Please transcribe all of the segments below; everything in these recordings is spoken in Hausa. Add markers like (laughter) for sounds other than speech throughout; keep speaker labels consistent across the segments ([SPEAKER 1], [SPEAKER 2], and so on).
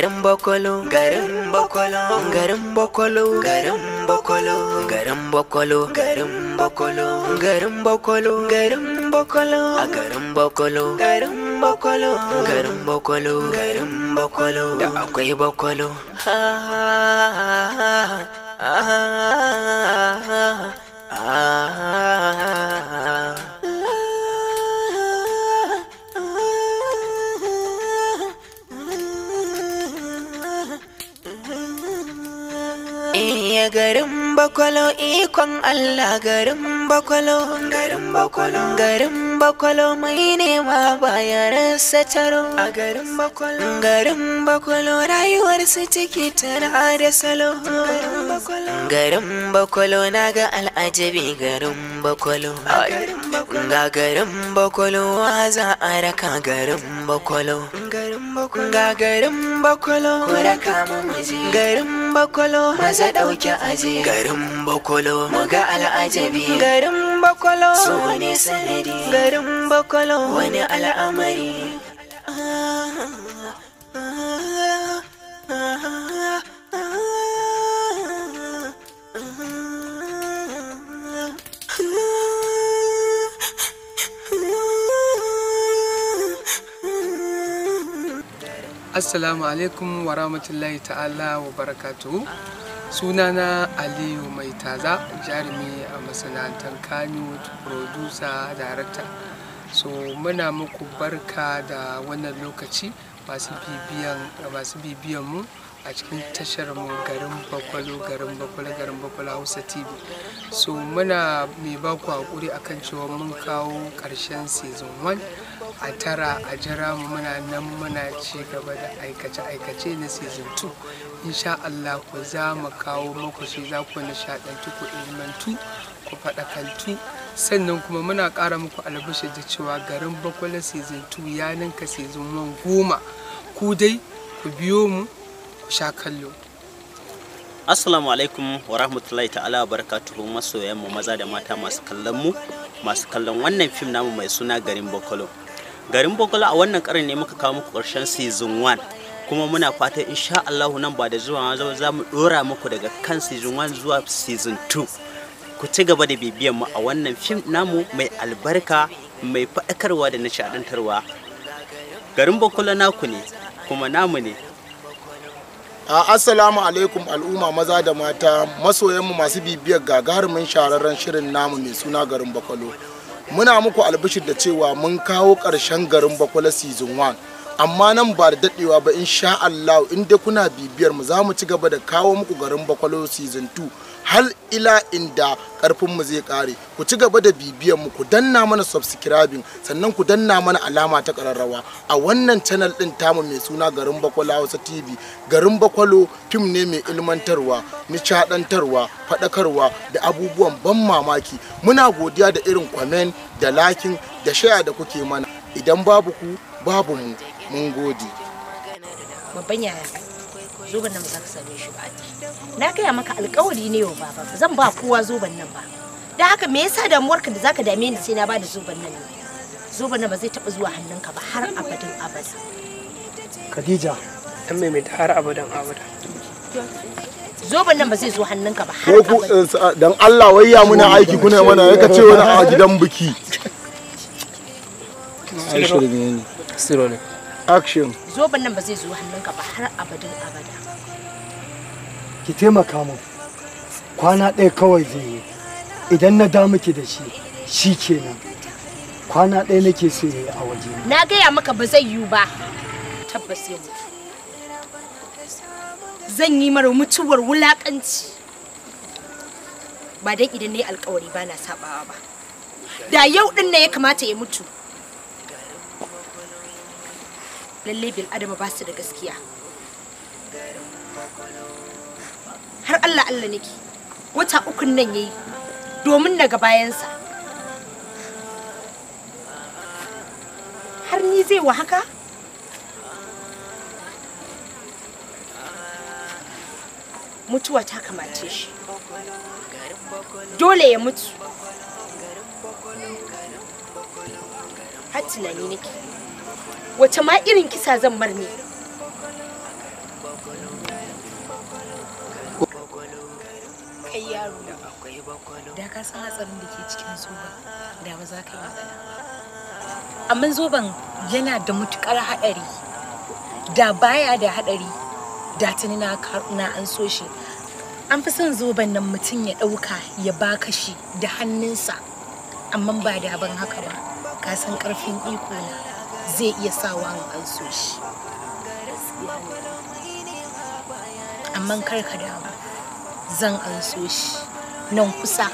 [SPEAKER 1] garin bakwalo garin bakwalo garin bakwalo garin bakwalo garin bakwalo garin bakwalo garin bakwalo garin bakwalo a garin bakwalo garin bakwalo garin bakwalo garin bakwalo da akwai bakwalo ha ha ha garin bakwalo ikon Allah garin bakwalo garin bakwalo garin bakwalo mai nema baya rasa taro a garin bakwalo garin bakwalo rayuwar su ciki tana da salo garin bakwalo na ga al'ajabi garin bakwalo ga garin bakwalo za a raka garin bakwalo ga garin bakwalo ku raka mu muje garin bakwalo maza dauke aje garin bakwalo mu ga al'ajabi garin bakwalo su wani sanadi garin bakwalo wani al'amari
[SPEAKER 2] assalamu alaikum wa rahmatullahi ta'ala wa barakatuhu sunana aliyu mai taza jarumi a masana'antar kano producer director so muna muku barka da wannan lokaci masu bibiyan mu a cikin tashar mu garin bakwalo garin bakwalo garin bakwalo hausa tv so muna mai baku hakuri akan cewa mun kawo karshen season 1 a tara a jira mu muna nan muna ci gaba da aikace-aikace na season 2 insha Allah ku za mu kawo muku shi za ku nishaɗantu ku ilmantu ku faɗakantu sannan kuma muna ƙara muku albashi da cewa garin bakwai season 2 ya ninka season 1 goma ku dai ku biyo mu ku sha kallo
[SPEAKER 3] assalamu alaikum wa rahmatullahi ta'ala wa barakatuhu masoyan mu maza da mata masu kallon mu masu kallon wannan fim namu mai suna garin bakwalo garin bokola a wannan karin ne muka kawo muku karshen season 1 kuma muna fata insha Allahu nan ba da zuwa za mu dora muku daga kan season 1 zuwa season 2 ku ci gaba da bibiyan mu a wannan fim namu mai albarka mai faɗakarwa da nishaɗantarwa garin bokola naku ne kuma namu ne
[SPEAKER 4] assalamu alaikum al'umma maza da mata masoyanmu masu bibiyar gagarumin shahararren shirin namu mai suna garin bakwalo muna muku albishir da cewa mun kawo ƙarshen garin bakwala season 1 amma nan ba da daɗewa ba insha Allah in kuna bibiyar mu za mu ci gaba da kawo muku garin bakwalo season 2 har ila inda mu zai kare ku ci gaba da mu ku danna mana subscribing sannan ku danna mana alama ta kararrawa a wannan channel din tamu mai suna garin bakwalo hausa tv garin bakwalo fim ne mai ilmantarwa nishadantarwa faɗakarwa da abubuwan ban mamaki muna godiya da irin comment da lakin da shaya da kuke mana idan babu ku babu mu mun gode
[SPEAKER 5] Mabanya. zoben nan ba za ka same shi ba na gaya maka alkawari ne wa baba zan ba kowa zoben nan ba da haka me yasa damuwarka da zaka dame ni sai na bada zoben nan ne zoben nan ba zai taba zuwa hannunka ba har abadin abada
[SPEAKER 2] Khadija dan maimaita har abadan abada
[SPEAKER 5] zoben nan ba zai zo hannunka ba
[SPEAKER 4] har abada eh, dan Allah wayya muna aiki kuna mana yaka ce wani a (laughs) gidan biki
[SPEAKER 2] Sirole. action
[SPEAKER 5] zoben nan ba zai zo hannunka ba har abadin abada
[SPEAKER 3] ki taimaka mu kwana ɗaya kawai zai yi idan na da miki da shi shi kenan kwana ɗaya nake so yi a waje
[SPEAKER 5] na gaya maka ba zai yiwu ba tabbas ya zan yi mara mutuwar wulakanci ba dan idan na yi alkawari ba na sabawa ba da yau ɗin ne ya kamata ya mutu lalle bil adama ba su da gaskiya har Allah Allah nake wata ukun nan yayi domin daga bayansa har ni zai wa haka mutuwa ta kamace shi dole ya mutu har tunani nake wace ma irin kisa zan bar ne
[SPEAKER 1] kai yaro da
[SPEAKER 5] ka san hatsarin da ke cikin da ba za ka yi magana amma zoban yana da matukar haɗari da baya da haɗari da tuni na an so shi an fi son zoben nan mutum ya ɗauka ya baka shi da hannunsa amma ba da ban haka ba ka san ƙarfin iko na zai iya sawa an so shi amma kar ka damu zan an shi nan kusa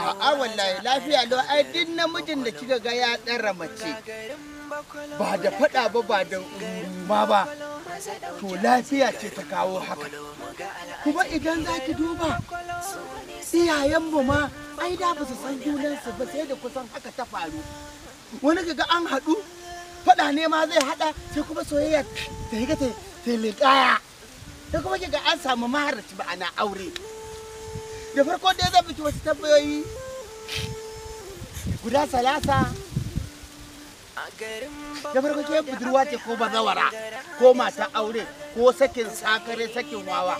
[SPEAKER 3] A'a wallahi lafiya lau ai duk namijin da kika ga ya ɗara mace ba da faɗa ba ba da ma ba to lafiya ce ta kawo haka kuma idan za ki duba iyayenmu ma ai da ba su san junansu ba sai da kusan haka ta faru wani kaga an haɗu faɗa ne ma zai haɗa sai kuma soyayya ta yi ta yi, liƙaya sai kuma kiga an samu maharaci ba ana aure da farko dai zan fito wasu tambayoyi guda salasa da farko ke budurwa ce ko bazawara ko mata aure ko sakin sakare sakin wawa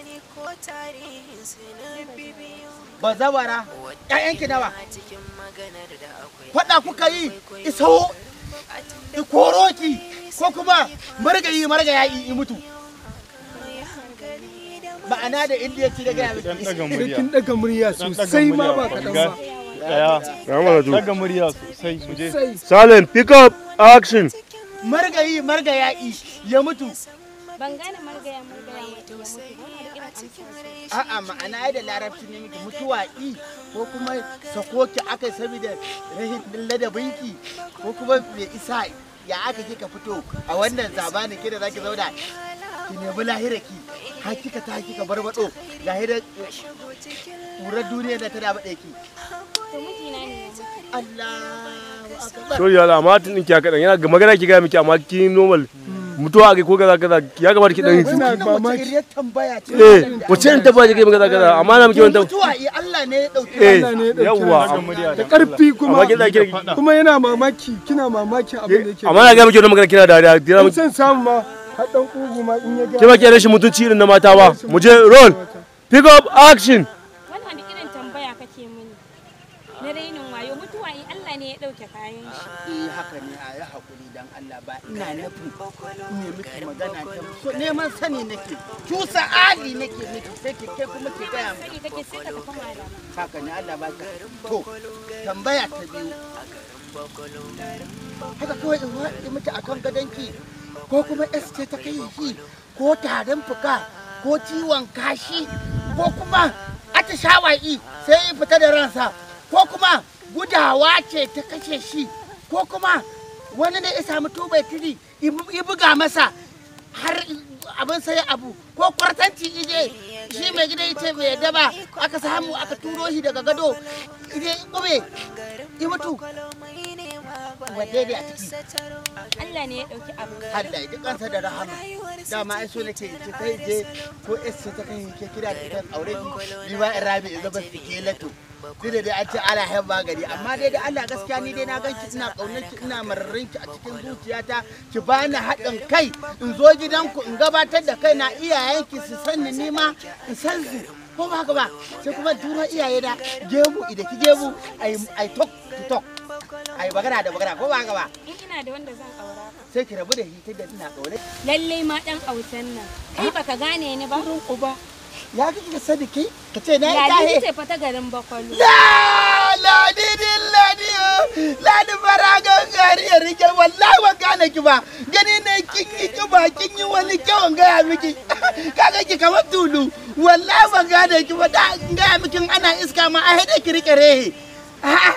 [SPEAKER 3] bazawara
[SPEAKER 1] ƴaƴanki nawa
[SPEAKER 3] faɗa kuka yi iso i koroki ko kuma yi margayi yayi yi mutu ma'ana da indiya ci daga yamin
[SPEAKER 6] kin daga murya sosai ma ba kaɗan ba Daga
[SPEAKER 4] murya sosai.
[SPEAKER 6] Silent, pick up! action
[SPEAKER 3] margayi marga ya mutu
[SPEAKER 1] ban gane ya marga ya mutu a'a ma'ana
[SPEAKER 3] da larabci ne miki mutuwa i ko kuma sakoki aka saboda rahin ladabinki ko kuma me isa ya aka kika fito a wannan zabanin ki da zaki zauna ki nemi ki har kika ta kika barbado lahira ƙurar duniya da ta da baɗe ki Allah sorry
[SPEAKER 4] wala amma tun ki haka dan yana magana ki ga miki amma ki normal mutuwa ga ko kaza kaza ya kamata ki dan
[SPEAKER 6] wace tambaya ce eh wace irin
[SPEAKER 4] tambaya ce kaza kaza amma na miki wannan mutuwa
[SPEAKER 3] eh Allah ne ya dauke eh, Allah ne ya dauke yawa da karfi
[SPEAKER 2] kuma kuma yana mamaki kina mamaki abin da yake eh, amma na ga miki wannan magana
[SPEAKER 4] kina da da
[SPEAKER 2] san samu ma har dan kugu ma in ya ga ki ba ki rashin mutunci
[SPEAKER 4] irin na mata ba mu je roll pick up action
[SPEAKER 3] ina nufin me muke magana ta so neman sani nake cusa ali nake miki sai ki kai
[SPEAKER 5] kuma ki gaya mu
[SPEAKER 3] haka ne Allah ba ka to tambaya ta biyu haka kawai in waɗi miki akan gadonki ko kuma ce ta kai shi ko tarin fuka ko ciwon kashi ko kuma atishawa'i sai in fita da ransa ko kuma gudawa ce ta kashe shi ko kuma wani ne ya samu tubai tiri ya buga masa har abin sai abu ko kwartanci ije shi mai gida ya ce mai yadda ba aka samu aka turo shi daga gado ije kube ya mutu wanne ne a
[SPEAKER 5] ciki Allah ne ya dauki abu Allah ya
[SPEAKER 3] kansa da rahama dama ai so nake ki kai je ko es ta kai ke kira da ita aure ni ba in rabi in zaba ke lato duk dai an ce ala hen magani amma dai da Allah gaskiya ni dai na ki ina kaunar ki ina mararin ki a cikin zuciyata ki bani haɗin kai in zo gidanku in gabatar da kaina iyayenki su sanni ni ma in san su ko ba ka ba sai kuma duro iyaye da gebu ida ki gebu ai ai tok tok ai magana da magana ko ba haka ba
[SPEAKER 5] in ina da wanda zan aura
[SPEAKER 3] sai ki rabu da shi tunda ina
[SPEAKER 5] kaure lalle ma dan autan nan kai ah? baka gane ni ba rin uba
[SPEAKER 3] ya ga ki kai ka ce na yi tahe ya ce
[SPEAKER 5] fata garin bakwalo la la di di la
[SPEAKER 3] di ah. la di farago gari ya rike wallahi ba gane ki ba gani ne kin yi ki ba kin yi wani kyawun gaya miki (laughs) kaga ki kamar tulu wallahi ba gane ki ba da gaya miki ana iska ma a hade ki rike rehe a'a ah,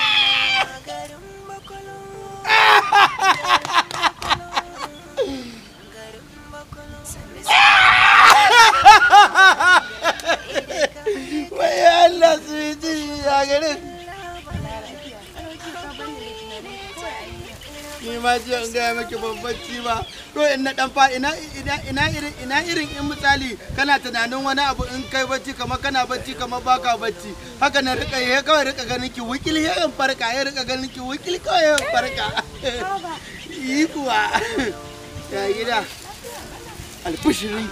[SPEAKER 3] Ah! ma jiya in gaya maki babban ci to in na dan fa ina ina irin ina irin in misali kana tunanin wani abu in kai bacci kamar kana bacci kamar baka bacci haka na rika ya kawai rika ganin ki wikil ya in farka ya rika ganin ki wikil kawai in farka (laughs) yi kuwa (laughs) ya gida alfishirin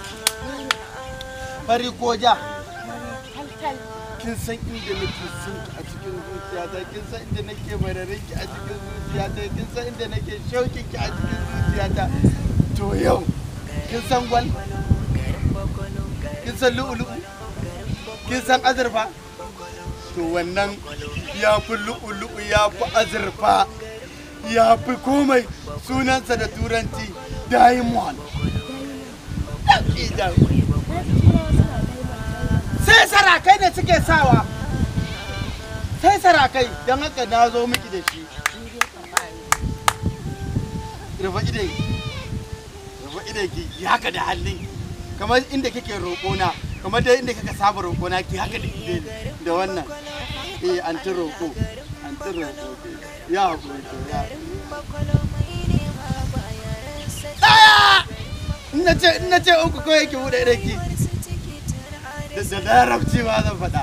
[SPEAKER 3] fari ko ja kin san inda nake so ki a cikin zuciyata kin san inda nake bararin ki a cikin zuciyata kin san inda nake shaukin ki a cikin zuciyata to yau kin san gwal kin san lu'ulu kin san azurfa to wannan ya fi lu'ulu ya fi azurfa ya fi komai sunansa da turanci diamond sai sarakai ne suke sawa sai sarakai don haka na zo miki da shi rufa idai rufa idai ki yi haka da hannun kamar inda kike roƙona kamar dai inda kika saba roƙona ki haka da ide da wannan eh an ti roƙo an ti roƙo ya haƙuri to ya Aya! Ina ce, ina ce uku kawai ki buɗe idai da larabci ma zan faɗa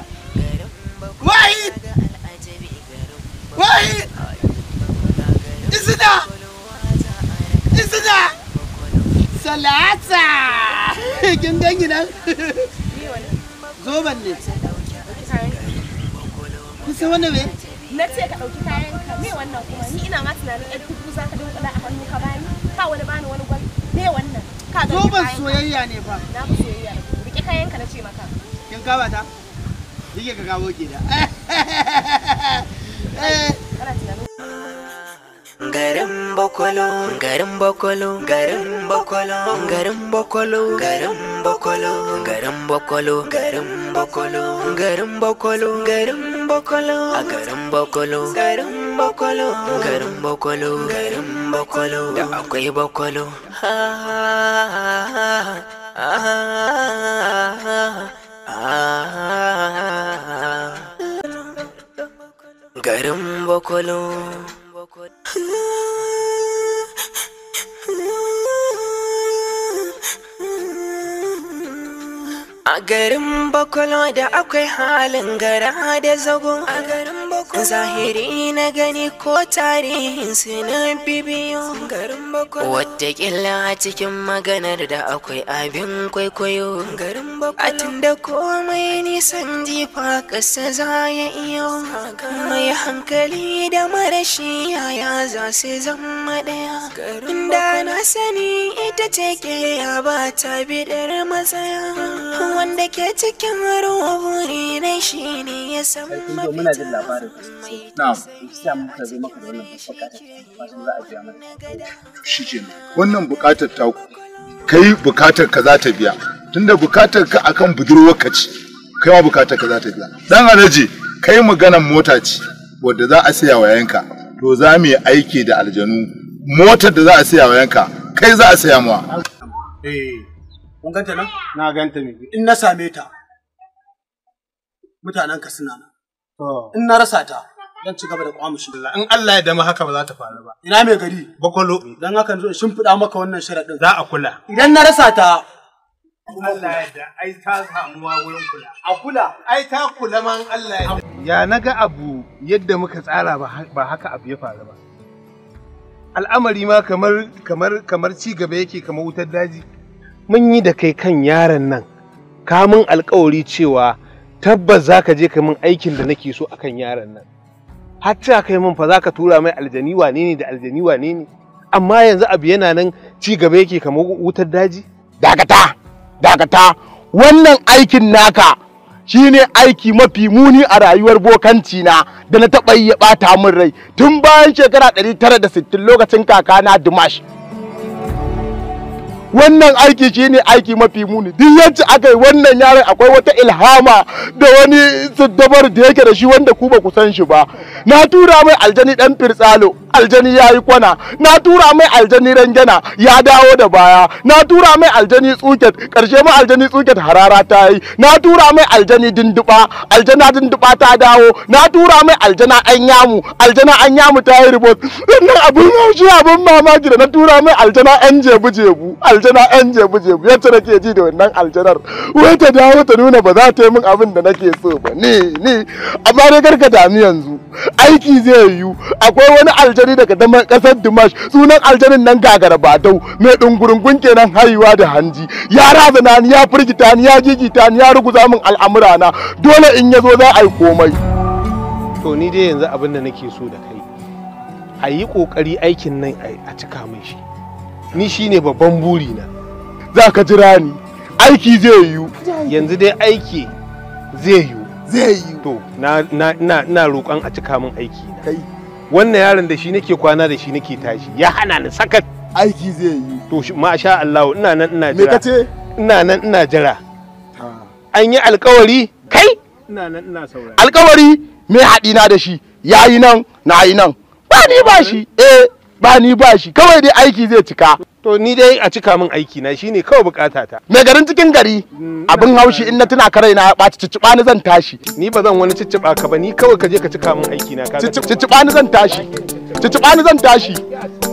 [SPEAKER 3] wahid (laughs) kin (laughs) zoban ne
[SPEAKER 5] na ce ka ɗauki kayan ka me wannan kuma ni ina ma tunanin za ka a hannu ka bani ka wani wani me wannan ka zoban soyayya ne ba. na fi soyayya rike kayan ka na ce maka
[SPEAKER 3] kin kama ta kike ka kawo ke da
[SPEAKER 1] garin bakwalo garin bakwalo garin bakwalo garin bakwalo garin bakwalo garin bakwalo garin bakwalo garin bakwalo garin bakwalo a garin bakwalo garin bakwalo garin bakwalo garin bakwalo da akwai bakwalo ha ha ha ha garin bakwalo a garin bakwalo da akwai halin gara da zago a garin bakwalo zahiri na gani ko tarihin na bibiyo garin bakwalo wata a cikin maganar da akwai abin kwaikwayo garin bukatun da komai nisan jifa kasa za ya iya mai hankali da marashi yaya za su zama daya garin da na sani ita ce ke ya ba ta bidar matsaya wanda ke cikin ruwa buri na shi ne ya san mafita mai wannan bukatar
[SPEAKER 4] ta kai bukatar ka za ta biya tunda bukatar ka akan budurwar ka ce kai ma bukatar ka za ta biya dan alaji kai maganan mota ce wadda za a siya wa yanka to za mu yi aiki da aljanu motar da za a siya wa yanka kai za a siya
[SPEAKER 6] mawa eh kun ganta nan na ganta ne in na same ta mutanen ka suna nan in na rasa ta zan ci gaba da kwamushin Allah in Allah ya dama haka ba za ta faru ba ina mai gari bakwalo dan haka zo in shimfiɗa maka wannan sharadin za a kula idan na rasa ta Allah ya da ai ta samu wurin kula. A kula, ai ta kula man Allah ya Ya na ga abu yadda muka tsara ba haka abu ya faru ba. Al'amari ma kamar kamar kamar ci gaba yake kamar wutar daji. Mun yi da kai kan yaron nan, kamun alkawari cewa tabbas za ka je ka min aikin da nake so akan yaron nan. Hatta kai mun fa za ka tura mai aljani wane ne da aljani wane ne. Amma yanzu abu yana nan ci gaba yake kamar wutar daji. Dakata! dakata wannan aikin naka
[SPEAKER 4] shine aiki mafi muni a rayuwar bokanci na da na taɓa yi ɓata min rai tun bayan shekara 960 lokacin kakana dimash wannan aiki shine aiki mafi muni duk yadda aka yi wannan yaron akwai wata ilhama da wani siddabar da yake da shi wanda ku ba ku san shi ba na tura mai aljani dan firtsalo aljani ya yi kwana na tura mai aljani rangana ya dawo da baya na tura mai aljani tsuket karshe ma aljani tsuket harara ta yi na tura mai aljani dinduba aljana dinduba ta dawo na tura mai aljana an yamu aljana an yamu ta yi ribot wannan abun shi abin mamaki da na tura mai aljana yan jebu jebu aljana yan jebu jebu yadda nake ji da wannan aljanar wai ta dawo ta nuna ba za ta yi min abin da nake so ba ni ni amma dai karka dami yanzu aiki zai yiwu akwai wani aljani. gari daga damar kasar dimash sunan aljanin nan gagara badau mai dungurungun kenan haihuwa da hanji ya razana ni ya firgita ni ya gigita ni ya ruguza min al'amura na dole in yazo
[SPEAKER 6] za a yi komai to ni dai yanzu abin da nake so da kai a yi kokari aikin nan a cika min shi ni shine babban buri na za ka jira ni aiki zai yiwu yanzu dai aiki zai yiwu zai yiwu to na na na roƙon a cika min aiki na kai wannan yaron da shi nake kwana da shi nake tashi ya hana ni sakat aiki zai yi to masha Allah ina nan ina jira me kace ina nan ina jira an yi alkawari kai ina nan ina saurari alkawari me haɗi na da shi yayi nan na yi
[SPEAKER 4] nan ba ni ba shi eh ba ni ba shi kawai dai aiki zai cika to ni dai a
[SPEAKER 6] cika min aiki na shine kawai bukata ta
[SPEAKER 4] me garin cikin gari mm. abin haushi in na tuna ka raina ya ɓaci cicciba ni zan tashi ni ba zan wani cicciɓa ka ba ni kawai ka je ka cika min aiki na ka ni zan
[SPEAKER 6] tashi cicciba ni zan
[SPEAKER 4] tashi